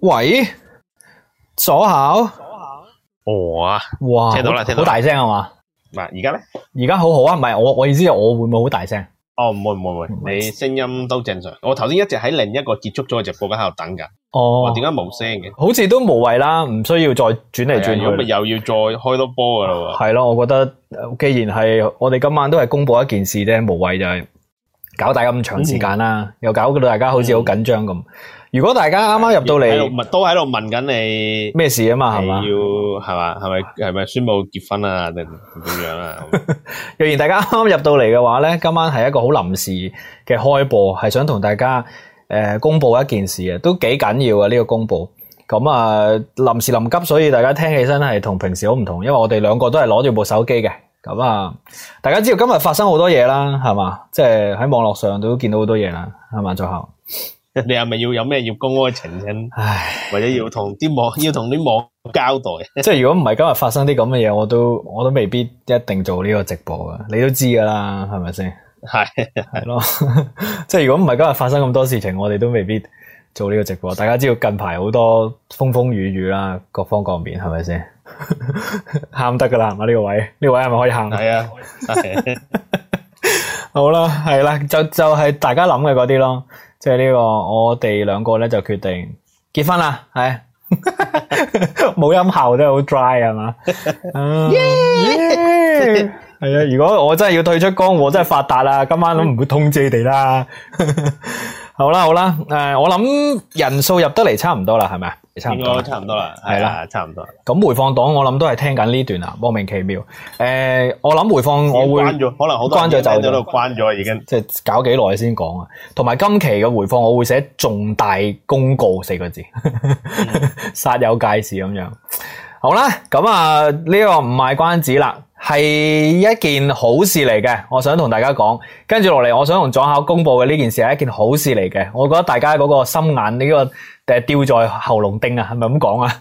喂，鎖口，鎖口，哦啊，哇，聽到啦，聽到，好大聲係嘛？嗱，而家咧，而家好好啊，唔係，我我意思係我會唔會好大聲？哦，唔會唔會唔會，會會嗯、你聲音都正常。我頭先一直喺另一個結束咗嘅直播間喺度等噶。哦，點解冇聲嘅？好似都無謂啦，唔需要再轉嚟轉去。咁咪又要再開多波噶喎！係咯，我覺得既然係我哋今晚都係公布一件事啫，無謂就係搞大咁長時間啦，嗯，又搞到大家好似好緊張咁。如果大家啱啱入到嚟，都喺度問緊你咩事啊嘛？係嘛？要係嘛？係咪係咪宣布結婚啊？定點樣啊？若然大家啱啱入到嚟嘅話咧，今晚係一個好臨時嘅開播，係想同大家誒公布一件事嘅，都幾緊要嘅呢個公布。咁啊，臨時臨急，所以大家聽起身係同平時好唔同，因為我哋兩個都係攞住部手機嘅。咁啊，大家知道今日發生好多嘢啦，係嘛？即係喺網絡上都見到好多嘢啦，係嘛？最後。你係咪要有咩要公開澄清？唉，或者要同啲網要同啲網交代。即係如果唔係今日發生啲咁嘅嘢，我都我都未必一定做呢個直播噶。你都知噶啦，係咪先？係係咯。 即係如果唔係今日發生咁多事情，我哋都未必做呢個直播。大家知道近排好多風風雨雨啦，各方各面係咪先？喊 得噶啦，係嘛？呢個位呢個位係咪可以行？係啊。 好啦，係啦，就就係大家諗嘅嗰啲咯。即係呢、這個，我哋兩個呢就決定結婚啦，係冇 音效真係好 dry 係嘛，係 啊、uh, Yeah! Yeah! 如果我真係要退出江湖，我真係發達啦，今晚都唔會通知你哋啦。 好啦好啦，誒，我諗人數入得嚟差唔多啦，係咪？差唔多，差多，差唔多啦，係啦，差唔多。咁回放黨，我諗都係聽緊呢段啊，莫名其妙。誒、呃，我諗回放我關，我會可能好多都關咗就關咗，已經。即、就、係、是、搞幾耐先講啊？同埋今期嘅回放，我會寫重大公告四個字，嗯、 殺有介事咁樣。好啦，咁啊呢、這個唔賣關子啦，係一件好事嚟嘅。我想同大家講，跟住落嚟，我想同左校公布嘅呢件事係一件好事嚟嘅。我覺得大家嗰個心眼呢、這個誒吊在喉嚨釘啊，係咪咁講啊？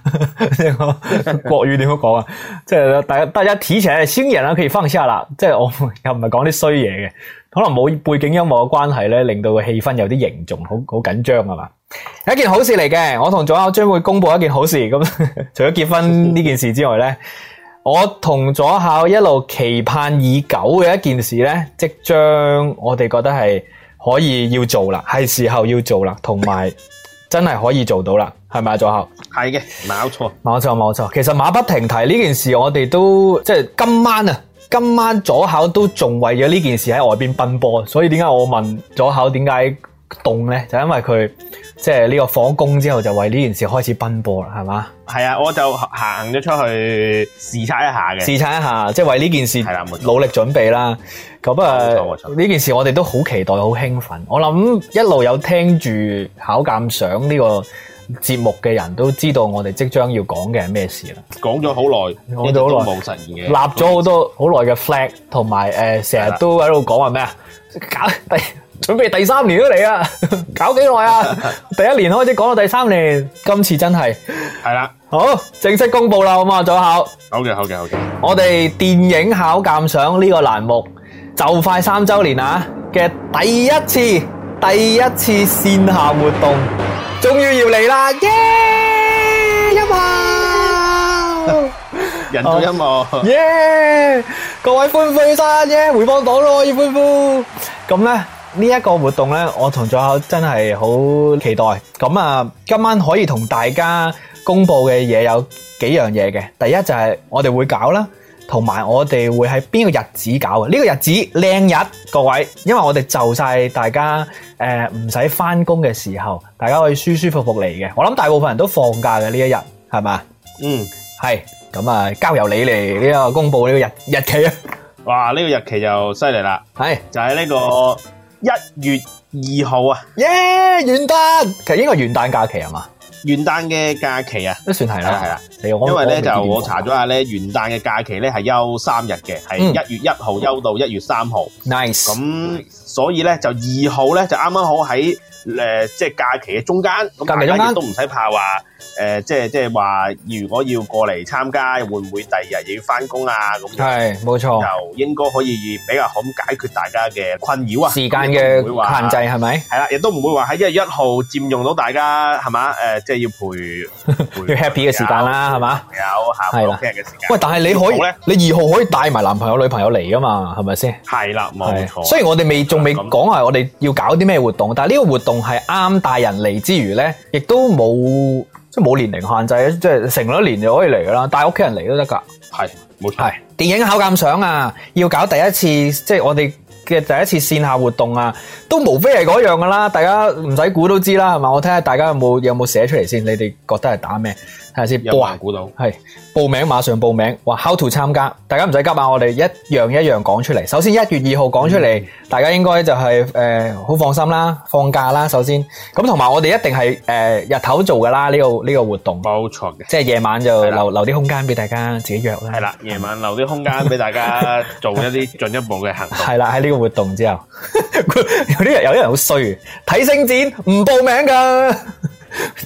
即係國語點樣講啊？即係大家大家提前提先人啦、啊，可以放下啦。即係我又唔係講啲衰嘢嘅，可能冇背景音樂嘅關係呢，令到個氣氛有啲凝重，好好緊張啊一件好事嚟嘅，我同左考將會公布一件好事。咁除咗結婚呢件事之外呢，我同左考一路期盼已久嘅一件事呢，即將我哋覺得係可以要做啦，係時候要做啦，同埋真係可以做到啦，係咪啊，左考？係嘅，冇錯，冇錯，冇錯。其實馬不停蹄呢件事我，我哋都即係今晚啊，今晚左考都仲為咗呢件事喺外邊奔波，所以點解我問左考點解凍呢？就因為佢。即係呢個放工之後就為呢件事開始奔波啦，係嘛？係啊，我就行咗出去視察一下嘅，視察一下，即係為呢件事努力準備啦。咁啊，呢件事我哋都好期待，好興奮。我諗一路有聽住考尷賞呢個節目嘅人都知道我哋即將要講嘅係咩事啦。講咗好耐，好耐冇實現嘅，立咗好多好耐嘅 flag，同埋誒，成日，呃、都喺度講話咩啊？搞！ 準備第三年都嚟啊，搞幾耐啊？第一年開始講到第三年，今次真係係啦。好，正式公布啦，好嘛？早考。好嘅，好嘅，好嘅。我哋電影考鑑賞呢個欄目就快三周年啦，嘅第一次第一次綫下活動，終於要嚟啦！耶！音樂，人做音樂。耶！各位歡呼起身耶！回放黨都可以歡呼。咁咧？呢一個活動咧，我同咗口真係好期待。咁啊，今晚可以同大家公布嘅嘢，有幾樣嘢嘅。第一就係我哋會搞啦，同埋我哋會喺邊個日子搞啊？呢個日子靚日，各位，因為我哋就曬大家誒，唔使翻工嘅時候，大家可以舒舒服服嚟嘅。我諗大部分人都放假嘅呢一日，係嘛？嗯，係。咁啊，交由你嚟呢個公布呢個日日期啊！哇，呢個日期又犀利啦，係就喺呢個。一月二號啊，耶、yeah，元旦，其、okay，實應該係元旦假期係嘛？元旦嘅假期啊，都算係啦，係啦，因為呢，我就我查咗下呢，元旦嘅假期呢係休三日嘅，係一月一號休到一月三號，nice，咁所以呢，就二號呢，就啱啱好喺。誒，即係假期嘅中間，咁假期中間都唔使怕話，即係即係話，如果要過嚟參加，會唔會第二日要翻工啊？咁係冇錯，就應該可以比較好解決大家嘅困擾啊。時間嘅限制係咪？係啦，亦都唔會話喺一月一號佔用到大家係嘛？即係、呃就是、要陪，陪 要 happy 嘅時間啦、啊，係嘛？有下個星期嘅時間。喂，但係你可以，你二號可以帶埋男朋友女朋友嚟噶嘛？係咪先？係啦，冇錯。雖然我哋未仲未講話，我哋要搞啲咩活動，但係呢個活動。仲係啱帶人嚟之餘呢，亦都冇即係冇年齡限制，即係成咗年就可以嚟噶啦，帶屋企人嚟都得㗎。係，冇錯。係電影考尷賞啊，要搞第一次，即係我哋嘅第一次線下活動啊，都無非係嗰樣㗎啦。大家唔使估都知啦，係嘛？我睇下大家有冇有冇寫出嚟先，你哋覺得係打咩？睇下先，有冇人估到？係報名，馬上報名。哇！How to 參加？大家唔使急啊！我哋一樣一樣講出嚟。首先一月二號講出嚟，大家應該就係誒，好放心啦，放假啦。首先咁同埋我哋一定係誒日頭做噶啦，呢個呢個活動，冇錯嘅。即係夜晚就留留啲空間俾大家自己約啦。係啦，夜晚留啲空間俾大家做一啲進一步嘅行動。係啦，喺呢個活動之後，有啲人有啲人好衰，睇星展唔報名噶。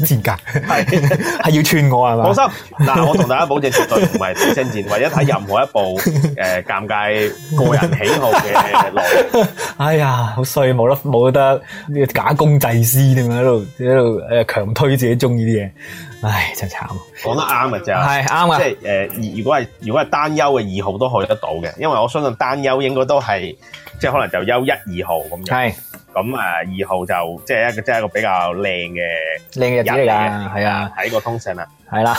賤格，係係要串我係嘛？放心，嗱， 我同大家保證絕對唔係私戰，或者睇任何一部誒，尷尬個人喜好嘅劇。 哎呀，好衰，冇得冇得假公濟私咁樣喺度喺度誒強推自己中意啲嘢。唉，真慘，講得啱啊，就係啱啊。即係誒、呃，如果係如果係單優嘅二號都可以得到嘅，因為我相信單優應該都係即係可能就優一二號咁。係。咁啊，二號就即係一個，即係一個比較靚嘅靚嘅仔嚟嘅，係啊，睇個通告啦，係啦，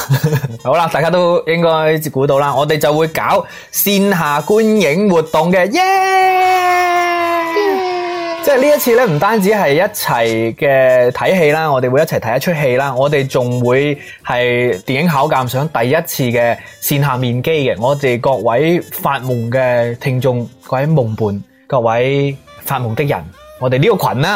好啦，大家都應該估到啦。我哋就會搞線下觀影活動嘅，耶！即係呢一次咧，唔單止係一齊嘅睇戲啦，我哋會一齊睇一出戲啦，我哋仲會係電影考鑒賞第一次嘅線下面基嘅。我哋各位發夢嘅聽眾，各位夢伴，各位發夢的人。我哋呢個群啦，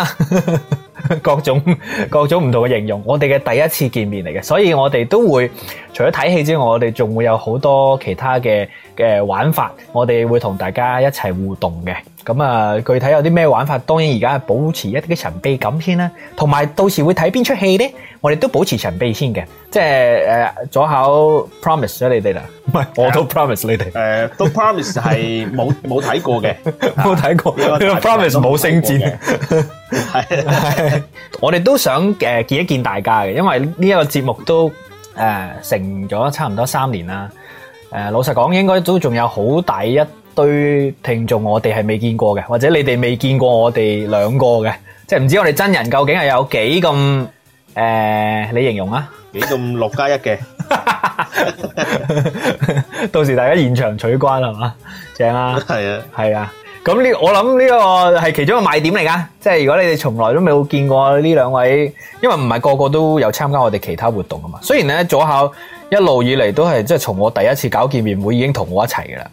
啊，各種各種唔同嘅形容，我哋嘅第一次見面嚟嘅。所以我哋都會除咗睇戲之外，我哋仲會有好多其他嘅嘅玩法，我哋會同大家一齊互動嘅。咁啊，具體有啲咩玩法，當然而家係保持一啲嘅神秘感先啦。同埋到時會睇邊出戲咧，我哋都保持神秘先嘅。即係誒、呃，左口 promise 咗你哋啦，唔係我都 promise 了你哋。誒、呃、都 promise 係冇冇睇過嘅，冇 睇看過 promise 冇升戰。係 我哋都想誒見一見大家嘅，因為呢一個節目都誒、呃、成咗差唔多三年啦。誒、呃，老實講應該都仲有好大一。對聽眾，我哋係未見過嘅，或者你哋未見過我哋兩個嘅，即係唔知我哋真人究竟係有幾咁誒？你形容啊，幾咁六加一嘅 到時大家現場取關係嘛？正啦，係啊，係啊。咁呢，我諗呢個係其中一個賣點嚟噶。即係如果你哋從來都未有見過呢兩位，因為唔係個個都有參加我哋其他活動噶嘛。雖然咧，左考一路以嚟都係即係從我第一次搞見面會已經同我一齊噶啦。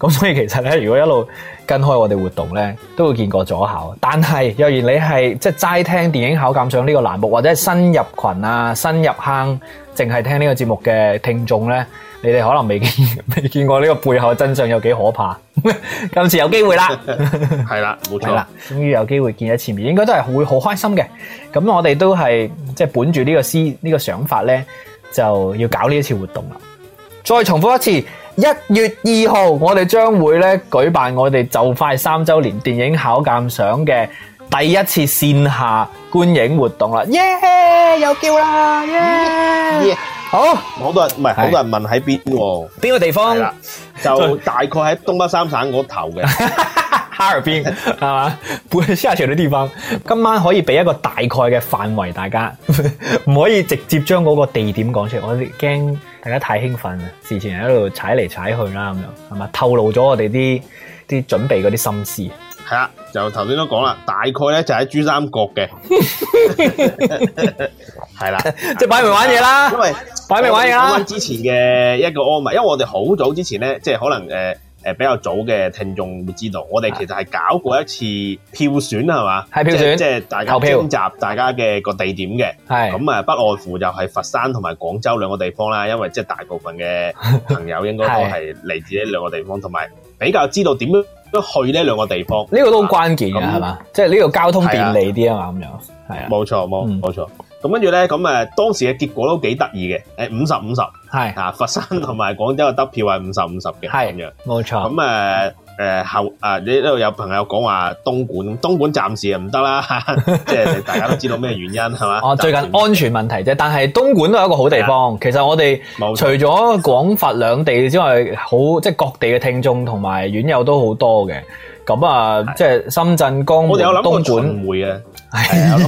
咁所以其實咧，如果一路跟開我哋活動咧，都會見過咗考。但係，若然你係即係齋聽電影考尷賞呢個欄目，或者新入群啊、新入坑，淨係聽呢個節目嘅聽眾咧，你哋可能未見未見過呢個背後真相有幾可怕。 今次有機會啦，係 啦， 冇錯啦，終於有機會見一次面，應該都係會好開心嘅。咁我哋都係即係本住呢個思呢、呢個想法咧，就要搞呢一次活動啦。再重複一次。一月二號，我哋將會咧舉辦我哋就快三周年電影考鑒賞嘅第一次線下觀影活動啦！耶、yeah，又叫啦！耶，好，好多人唔係，好多人問喺邊喎？邊個地方？係啦，就大概喺東北三省嗰頭嘅哈爾濱，係 嘛 Harbing, 是吧？唔係場地方。今晚可以俾一個大概嘅範圍，大家唔可以直接將嗰個地點講出嚟，我哋驚。大家太興奮啦，事前喺度踩嚟踩去啦咁樣，係咪？透露咗我哋啲啲準備嗰啲心思。係啦，由頭先都講啦，大概咧就喺珠三角嘅，係 啦， 即係擺明玩嘢啦，因為擺明玩嘢啦。之前嘅一個安排，因為我哋好早之前咧，即係可能誒。呃誒比較早嘅聽眾會知道，我哋其實係搞過一次票選係嘛？係票選，即、就、係、是、大家徵集大家嘅個地點嘅。係咁啊，不外乎就係佛山同埋廣州兩個地方啦。因為即係大部分嘅朋友應該都係嚟自呢兩個地方，同 埋比較知道點樣去呢兩個地方。呢、呢個都好關鍵㗎係嘛？即係呢個交通便利啲啊嘛咁樣。係啊，冇錯冇冇錯。咁跟住咧，咁、嗯、誒當時嘅結果都幾得意嘅，誒五十五十。係啊，佛山同埋廣州嘅得票係五十五十嘅，係咁樣，冇錯。咁誒誒後啊，你呢度有朋友講話東莞，東莞暫時啊唔得啦，即 係大家都知道咩原因係嘛？哦、 啊，最近安全問題啫。但係東莞都係一個好地方。啊、其實我哋除咗廣佛兩地之外，好即係、就是、各地嘅聽眾同埋遠友都好多嘅。咁 啊，即、就、係、是、深圳、江門、東莞。係啊，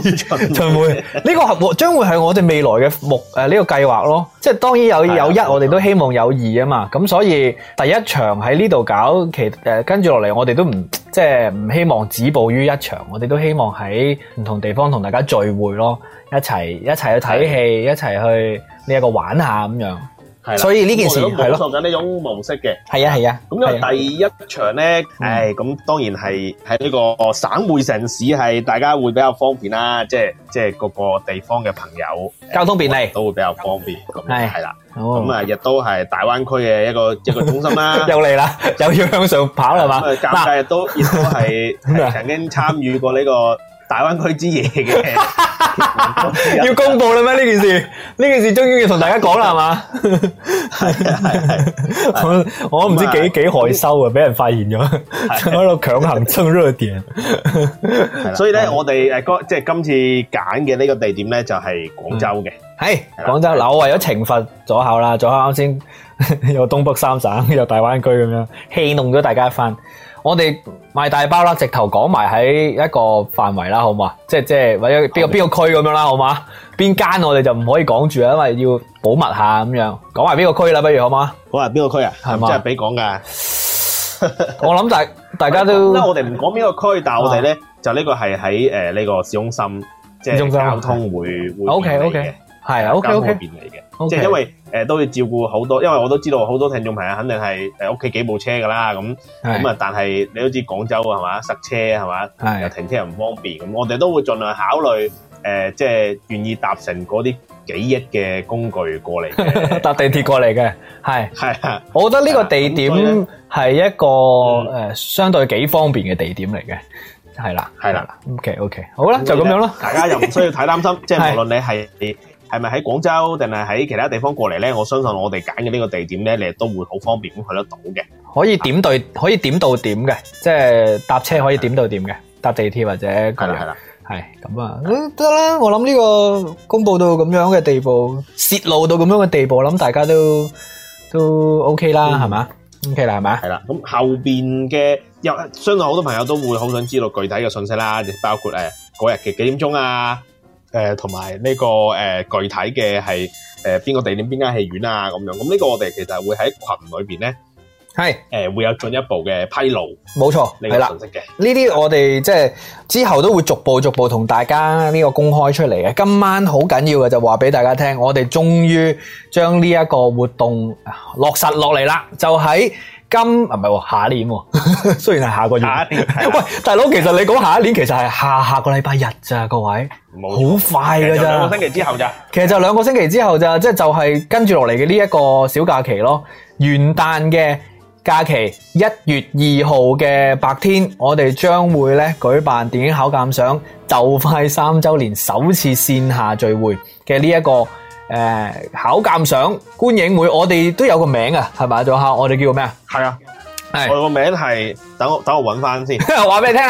聚會呢個係會將會係我哋未來嘅目誒呢個計劃咯。即係當然有有一，我哋都希望有二啊嘛。咁所以第一場喺呢度搞，其誒跟住落嚟我哋都唔即係唔希望止步於一場。我哋都希望喺唔同地方同大家聚會咯，一齊一齊去睇戲，一齊去呢一個玩一下咁樣。係，所以呢件事係咯，做緊呢種模式嘅，係啊係啊。咁啊，第一場咧，唉，咁當然係喺呢個省會城市，係大家會比較方便啦，即係即係各個地方嘅朋友交通便利，都會比較方便。咁係啦，咁啊亦都係大灣區嘅一個一個中心啦。又嚟啦，又要向上跑係嘛？咁啊，業界都亦都係曾經參與過呢個。大灣區之夜嘅， 要公布啦咩？呢件事，呢 件事終於要同大家講啦，係嘛？係係係，我我唔知幾幾、嗯、害羞啊！俾人發現咗，喺度、啊、強行蹭熱點。所以咧，我哋誒，即係今次揀嘅呢個地點咧，就係廣州嘅。係廣、啊、州，嗱、啊啊，我為咗懲罰左口啦，左口啱先有東北三省，又大灣區咁樣戲弄咗大家一番。我哋賣大包啦，直頭講埋喺一個範圍啦，好唔好啊？即係即係或者邊個邊個區咁樣啦，好嘛？邊間我哋就唔可以講住啊，因為要保密下咁樣。講埋邊個區啦，不如好唔好講埋邊個區啊？係嘛？即係俾講噶。我諗大家 大家都，我哋唔講邊個區，但係我哋咧、啊、就呢個係喺誒呢個市中心，即係交通會會，會 ok ok, okay. 係啊，屋企邊嚟嘅，即係因為誒、呃、都要照顧好多，因為我都知道好多聽眾朋友肯定係誒屋企幾部車噶啦，咁咁啊，但係你好似廣州係嘛塞車係嘛，又停車又唔方便咁，我哋都會盡量考慮誒、呃，即係願意搭乘嗰啲幾億嘅工具過嚟搭 地鐵過嚟嘅，係係，我覺得呢個地點係一個誒相對幾方便嘅地點嚟嘅，係啦係啦，ok ok 好啦，就咁樣咯，大家又唔需要太擔心，即 係無論你係。 係咪喺廣州定係喺其他地方過嚟咧？我相信我哋揀嘅呢個地點咧，你都會好方便咁去得到嘅。可以點對，可以點到點嘅，即係搭車可以點到點嘅，搭地鐵或者係啦係啦，係咁啊，得啦。我諗呢個公佈到咁樣嘅地步，泄露到咁樣嘅地步，諗大家都都 OK 啦，係嘛？OK 啦，係嘛？係啦。咁後邊嘅又相信好多朋友都會好想知道具體嘅信息啦，包括誒嗰日嘅幾點鐘啊。誒、呃，同埋呢個誒、呃、具體嘅係誒邊個地點邊間戲院啊咁樣，咁呢個我哋其實會喺群裏邊咧係誒會有進一步嘅披露，冇錯係啦。信息嘅呢啲我哋即係之後都會逐步逐步同大家呢個公開出嚟嘅。今晚好緊要嘅就話俾大家聽，我哋終於將呢一個活動落實落嚟啦，就喺、是。今唔係喎，下一年喎，雖然係下個月。下一年，喂，大佬，其實你講下一年，其實係下下個禮拜日咋，各位，好快㗎咋，兩個星期之後咋，其實就兩個星期之後咋，即係就係跟住落嚟嘅呢一個小假期咯。元旦嘅假期，一月二號嘅白天，我哋將會咧舉辦電影考鑑賞就快三週年首次線下聚會嘅呢一個。誒，考鑑賞觀影會，我哋都有個名是吧是啊，係咪？就下我哋叫咩啊？係、 yeah! 啊，我個名係等我等我搵翻先，話俾你聽，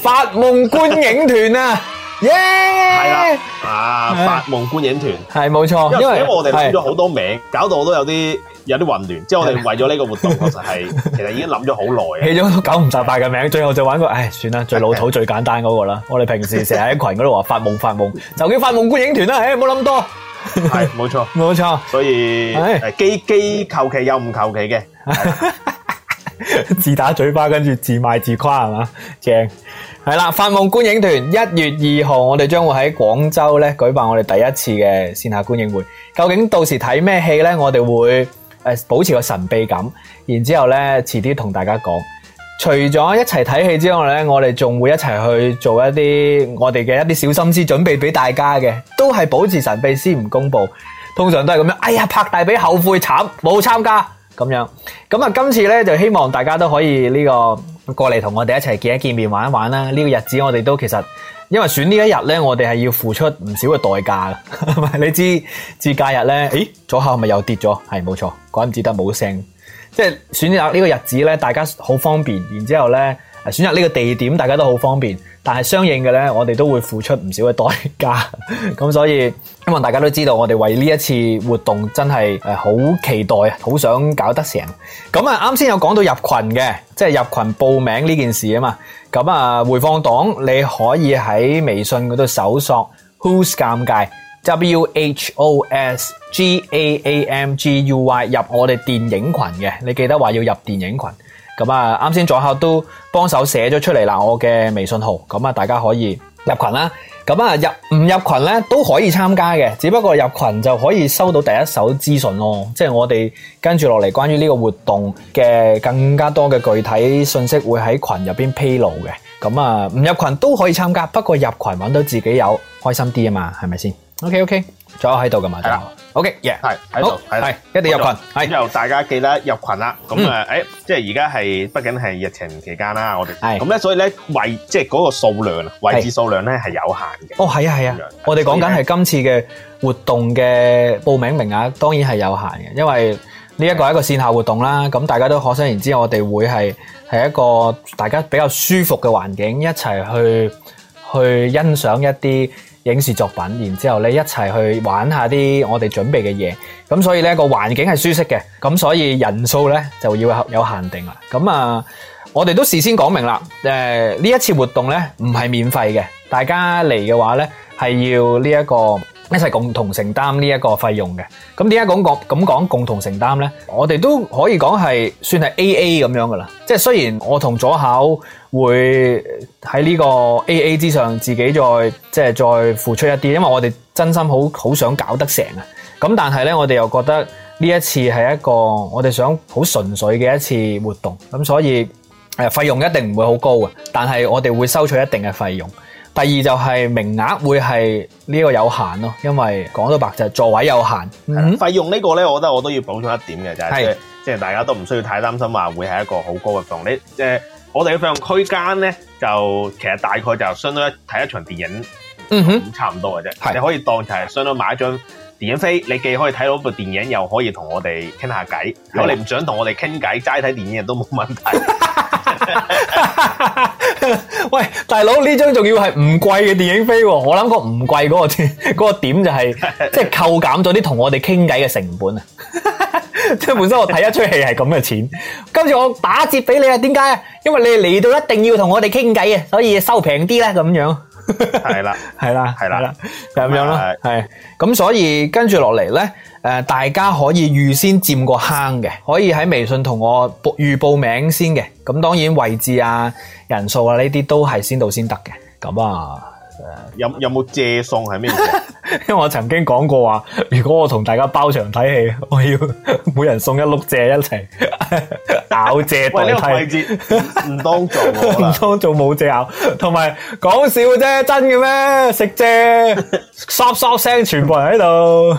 發夢觀影團啊，耶！係啦，啊，發夢觀影團，係冇錯，因為我哋起咗好多名，搞到我都有啲有啲混亂。即、就、係、是、我哋為咗呢個活動，其實係其實已經諗咗好耐，起咗九唔十八嘅名，最後就玩個，唉、哎，算啦，最老土最簡單嗰個啦。Okay. 我哋平時成日喺群嗰度話發夢發夢， 就叫發夢觀影團啦、啊。唉、哎，唔好諗咁多。係冇錯，冇錯，所以機機求其又唔求其嘅， 自打嘴巴跟住自賣自誇係嘛，正係啦！發夢觀影團一月二號，我哋將會喺廣州咧舉辦我哋第一次嘅線下觀影會。究竟到時睇咩戲咧？我哋會誒、呃、保持個神秘感，然之後咧，遲啲同大家講。除咗一齊睇戲之外呢，我哋仲會一齊去做一啲我哋嘅一啲小心思準備俾大家嘅，都係保持神秘先唔公布，通常都係咁樣。哎呀，拍大髀後悔慘，冇參加咁樣。咁啊，今次呢就希望大家都可以呢個過嚟同我哋一齊見一見面玩一玩啦。呢個日子我哋都其實因為選呢一日呢，我哋係要付出唔少嘅代價 你知節假日呢，誒，左下咪又跌咗，係冇錯，怪唔之得冇聲。即係選擇呢個日子咧，大家好方便；然之後咧，選擇呢個地點，大家都好方便。但係相應嘅咧，我哋都會付出唔少嘅代價。咁 所以，希望大家都知道，我哋為呢一次活動真係誒好期待，好想搞得成。咁啊，啱先有講到入群嘅，即係入群報名呢件事啊嘛。咁啊，回放檔你可以喺微信嗰度搜索 Who's 尷尬。w H O S G A A M G U Y 入我哋電影群嘅，你記得話要入電影群。咁啊，啱先左下都幫手寫咗出嚟啦，我嘅微信號。咁啊，大家可以入群啦。咁啊，入唔入群呢都可以參加嘅，只不過入群就可以收到第一手資訊咯。即係我哋跟住落嚟關於呢個活動嘅更加多嘅具體信息會喺群入邊披露嘅。咁啊，唔入群都可以參加，不過入群揾到自己有開心啲啊嘛，係咪先？O K O K，仲有喺度噶嘛？仲有，O K，係喺度，係，係，一定要入群。係，又大家記得入群啦。咁誒，誒，即係而家係，畢竟係疫情期間啦，我哋係。咁咧，所以咧，位即係嗰個數量啊，位置數量咧係有限嘅。哦，係啊，係啊，我哋講緊係今次嘅活動嘅報名名額，當然係有限嘅，因為呢一個係一個線下活動啦。咁大家都可想而知，我哋會係係一個大家比較舒服嘅環境，一齊去去欣賞一啲。影視作品，然之後咧一齊去玩下啲我哋準備嘅嘢，咁所以咧個環境係舒適嘅，咁所以人數咧就要有限定啦。咁啊，我哋都事先講明啦，誒、呃、呢一次活動咧唔係免費嘅，大家嚟嘅話咧係要呢、這、一個。一齊共同承擔呢一個費用嘅。咁點解講共，咁講共同承擔呢？我哋都可以講係算係 A A 第二就係名額會係呢個有限咯，因為講到白就係、座位有限。嗯、費用呢個咧，我覺得我都要補充一點嘅就係，即係大家都唔需要太擔心話會係一個好高嘅房。你係、即係、我哋嘅費用區間咧，就其實大概就相當於睇一場電影，嗯哼，差唔多嘅啫。你可以當就係相當買一張電影飛，你既可以睇到部電影，又可以同我哋傾下偈。如果你唔想同我哋傾偈，齋睇電影亦都冇問題。 喂，大佬，呢張仲要係唔貴嘅電影飛喎，我諗個唔貴嗰個錢嗰個點就係即係扣減咗啲同我哋傾偈嘅成本啊，即 係本身我睇一齣戲係咁嘅錢，跟住我打折俾你啊。點解啊？因為你嚟到一定要同我哋傾偈啊，所以收平啲呢，咁樣。係 啦，係啦，係啦，咁樣啦係。咁、啊、所以跟住落嚟咧，誒，大家可以預先佔個坑嘅，可以喺微信同我預報名先嘅。咁當然位置啊、人數啊呢啲都係先到先得嘅。咁啊，有有冇借送係咩意思？ 因為我曾經講過話，如果我同大家包場睇戲，我要每人送一碌蔗一齊。 咬蔗代替唔、這個、當做唔當做冇蔗口，同埋講笑啫，真嘅咩？食蔗，嗦嗦聲全部喺度。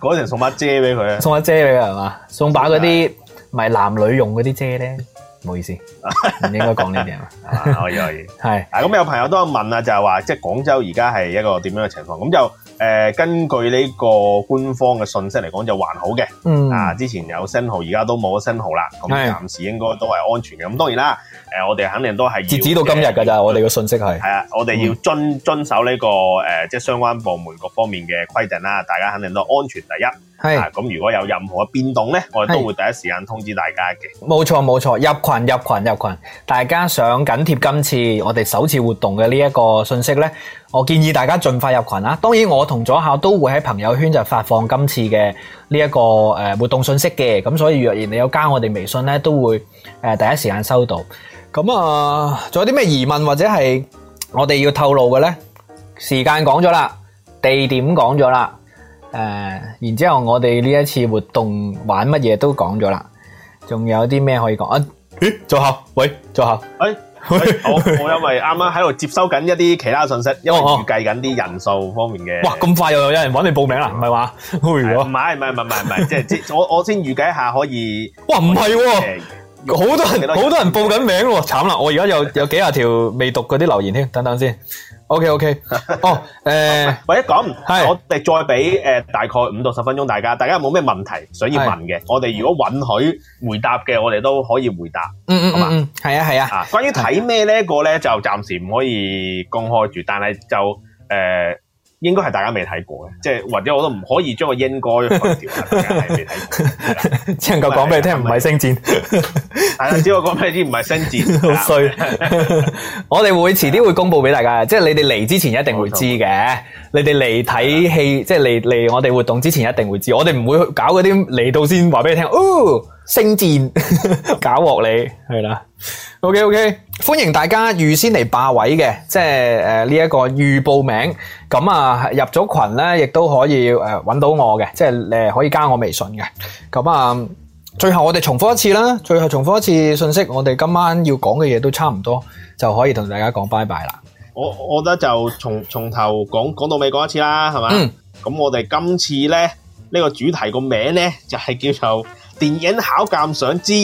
嗰陣送把蔗俾佢，送把蔗俾佢係嘛？送把嗰啲咪男女用嗰啲蔗呢？唔好意思，唔 應該講呢啲。可以可以，咁、啊、有朋友都有問啊，就係、是、話即係廣州而家係一個點樣嘅情況？咁就。誒根據呢個官方嘅信息嚟講就還好嘅，嗯啊，啊之前有 s 號，而家都冇咗 s 號 g 啦，咁暫時應該都係安全嘅。咁多然啦。誒，我哋肯定都係截止到今日㗎咋，我哋嘅信息係啊，我哋要遵遵守呢、呢個、嗯、即係相關部門各方面嘅規定啦。大家肯定都安全第一。咁、啊、如果有任何嘅變動咧，我哋都會第一時間通知大家嘅。冇錯冇錯，入群、入群、入群。大家想緊貼今次我哋首次活動嘅呢一個信息咧，我建議大家盡快入群啦。當然，我同左校都會喺朋友圈就發放今次嘅呢一個活動信息嘅。咁所以，若然你有加我哋微信咧，都會第一時間收到。咁啊，仲有啲咩疑問或者係我哋要透露嘅咧？時間講咗啦，地點講咗啦，誒、呃，然之後我哋呢一次活動玩乜嘢都講咗啦，仲有啲咩可以講啊？咦，坐下，喂，坐下，誒、欸，好、欸，我因為啱啱喺度接收緊一啲其他信息，因為我預計緊啲人數方面嘅。哇，咁快又有人搵你報名啦？唔係話？唔係，唔、哎、係，唔係，唔係，唔係，即 我我先預計下可以。哇，唔係。好多人好多，多人報緊名喎，慘啦！我而家有有幾廿條未讀嗰啲留言添，等等先。OK OK。 哦，誒、呃，或者講我哋再俾誒、呃、大概五到十分鐘，大家，大家有冇咩問題想要問嘅？我哋如果允許回答嘅，我哋都可以回答。嗯嗯嗯，係啊係啊，啊，啊。關於睇咩呢個咧，就暫時唔可以公開住，但係就誒。呃應該係大家未睇過嘅，即係或者我都唔可以將 個應該抹掉，係未睇，只能夠講俾你聽，唔係星戰。大家知我講咩先？唔係星戰 很壞笑，好衰。我哋會遲啲會公布俾大家嘅，即 係你哋嚟之前一定會知嘅。你哋嚟睇戲，即係嚟嚟我哋活動之前一定會知。我哋唔會去搞嗰啲嚟到先話俾你聽。哦星戰搞鑊你係啦，OK OK，歡迎大家預先嚟霸位嘅，即係誒呢一個預報名，咁啊入咗群咧，亦都可以誒揾到我嘅，即係、呃、可以加我微信嘅，咁啊最後我哋重複一次啦，最後重複一次信息，我哋今晚要講嘅嘢都差唔多，就可以同大家講拜拜啦。我我覺得就從從頭講講到尾講一次啦，係嘛？咁、嗯、我哋今次咧呢、個主題個名咧就係、是、叫做。電影考鑑賞知，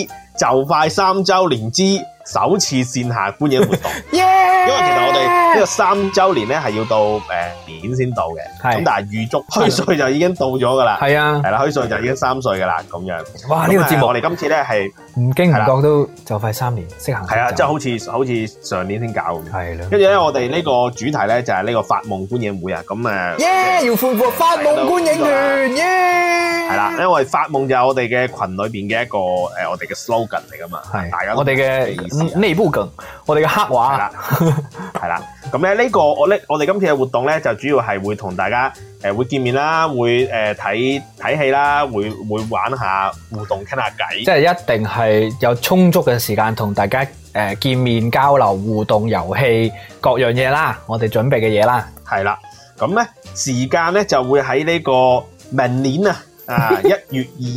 就快三週年知。首次線下觀影活動， yeah! 因為其實我哋呢個三週年咧係要到誒、呃、年先到嘅，咁但係預祝虛歲就已經到咗噶啦，係啊，係啦，虛歲就已經三歲噶啦，咁樣。哇，呢、嗯呢個節目、嗯、我哋今次咧係唔經唔覺都就快三年，適行係啊，即係好似好似上年先搞咁，係啦。跟住咧，我哋呢個主題咧就係呢個發夢觀影會啊，咁誒，要歡呼發夢觀影團耶！係、yeah! 啦，因為發夢就係我哋嘅群裏邊嘅一個誒，我哋嘅 slogan 嚟噶嘛，係大家我哋嘅。內部勁，我哋嘅黑話係啦，咁咧呢個我咧我哋今次嘅活動咧就主要係會同大家誒會見面啦，會誒睇睇戲啦，會會玩下互動傾下偈，即係一定係有充足嘅時間同大家誒見面交流互動遊戲各樣嘢啦，我哋準備嘅嘢啦，係啦，咁咧時間咧就會喺呢個明年啊。啊！ 一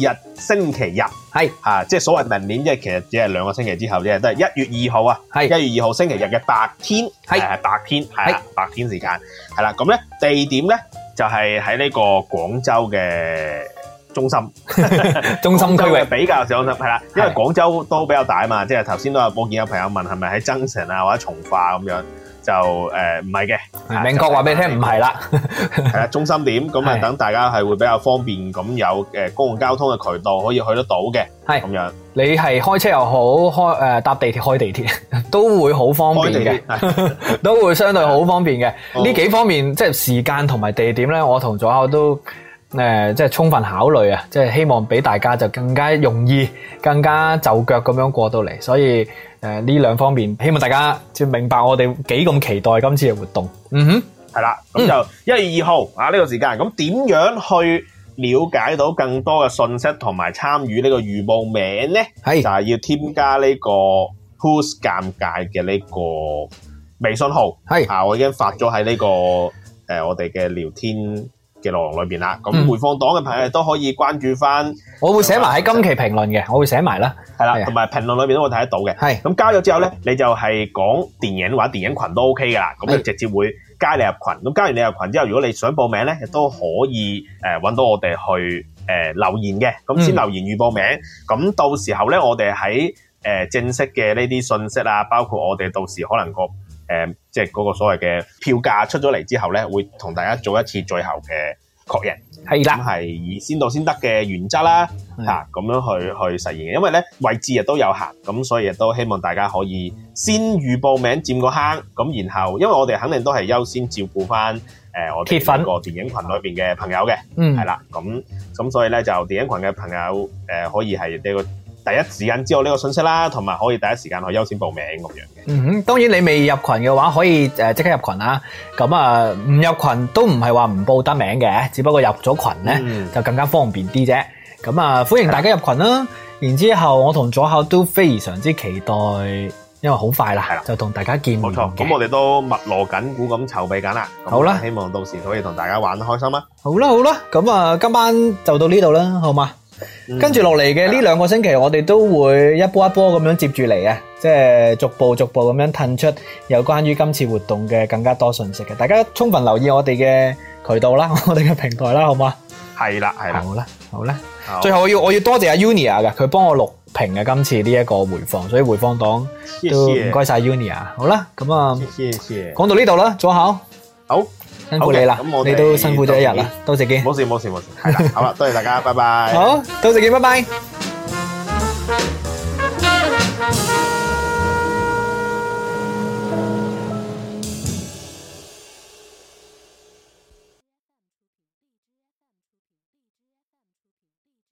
月二日星期日，係吓、啊，即係所謂明年，即係其實只係兩個星期之後，即係都係一月二號啊！係一月二號星期日嘅白天，係係白天，係白天時間，係啦。咁咧地點咧就係喺呢個廣州嘅中心， 中心區域比較上係啦，因為廣州都比較大啊嘛，即係頭先都我見有朋友問係咪喺增城啊或者從化咁、啊、樣。就誒唔係嘅，明確話俾你聽唔係啦，係、就、啊、是、 中心點咁，啊等大家係會比較方便咁有誒公共交通嘅渠道可以去得到嘅，係咁樣你係開車又好，開誒搭、呃、地鐵開地鐵都會好方便嘅， 都會相對好方便嘅呢幾方面 即係時間同埋地點咧，我同左右都。誒、呃，即係充分考慮啊！即係希望俾大家就更加容易，更加就腳咁樣過到嚟，所以誒呢、呃、兩方面，希望大家要明白我哋幾咁期待今次嘅活動。嗯哼，係啦，咁就一月二號、嗯、啊呢、這個時間，咁點樣去了解到更多嘅信息，同埋參與呢個預報名呢？係就係、是、要添加呢個 p h o s 尷尬嘅呢個微信號。係啊，我已經發咗喺呢個誒、呃、我哋嘅聊天。嘅內容裏邊啦，咁回放黨嘅朋友都可以關注翻，我會寫埋喺今期評論嘅，我會寫埋啦，係啦，同埋評論裏面都會睇得到嘅。咁加咗之後咧，你就係講電影或者電影群都 OK 噶啦，咁就直接會加你入群。咁加完你入群之後，如果你想報名咧，亦都可以誒揾到我哋去誒留言嘅，咁先留言預報名。咁、嗯、到時候咧，我哋喺誒正式嘅呢啲信息啦，包括我哋到時可能個。誒、嗯，即係嗰個所謂嘅票價出咗嚟之後咧，會同大家做一次最後嘅確認，係啦，咁、就、係、是、以先到先得嘅原則啦，咁、嗯、樣去去實現嘅。因為咧位置亦都有限，咁所以亦都希望大家可以先預報名佔個坑，咁然後因為我哋肯定都係優先照顧翻誒、呃、我哋個電影群裏面嘅朋友嘅，嗯，係啦，咁咁所以咧就電影群嘅朋友、呃、可以係呢個，第一時間知道呢個信息啦，同、嗯、埋可以第一時間去優先報名咁樣嘅。嗯哼，當然你未入群嘅話，可以誒即刻入群啦。咁啊，唔入群都唔係話唔報得名嘅，只不過入咗群咧、嗯、就更加方便啲啫。咁啊，歡迎大家入群啦、啊。然之後，我同左考都非常之期待，因為好快啦，係啦，就同大家見面。冇錯，咁我哋都密鑼緊鼓咁籌備緊啦。好啦，希望到時可以同大家玩得開心啦。好啦，好啦，咁啊，今晚就到呢度啦，好嘛？跟住落嚟嘅呢兩個星期，我哋都會一波一波咁樣接住嚟啊！即係逐步逐步咁樣褪出有關於今次活動嘅更加多信息嘅，大家充分留意我哋嘅渠道啦，我哋嘅平台啦，好唔好啊？係啦，係啦，好啦，好啦，最後我要我要多謝阿 Unia 噶，佢幫我錄屏嘅今次呢一個回放，所以回放檔都唔該晒 Unia。好啦，咁啊，謝謝，講到呢度啦，坐好。辛苦你啦，你都辛苦咗一日啦，多謝。冇事冇事冇事，係啦，好啦，多謝大家，拜拜。好，多謝，拜拜。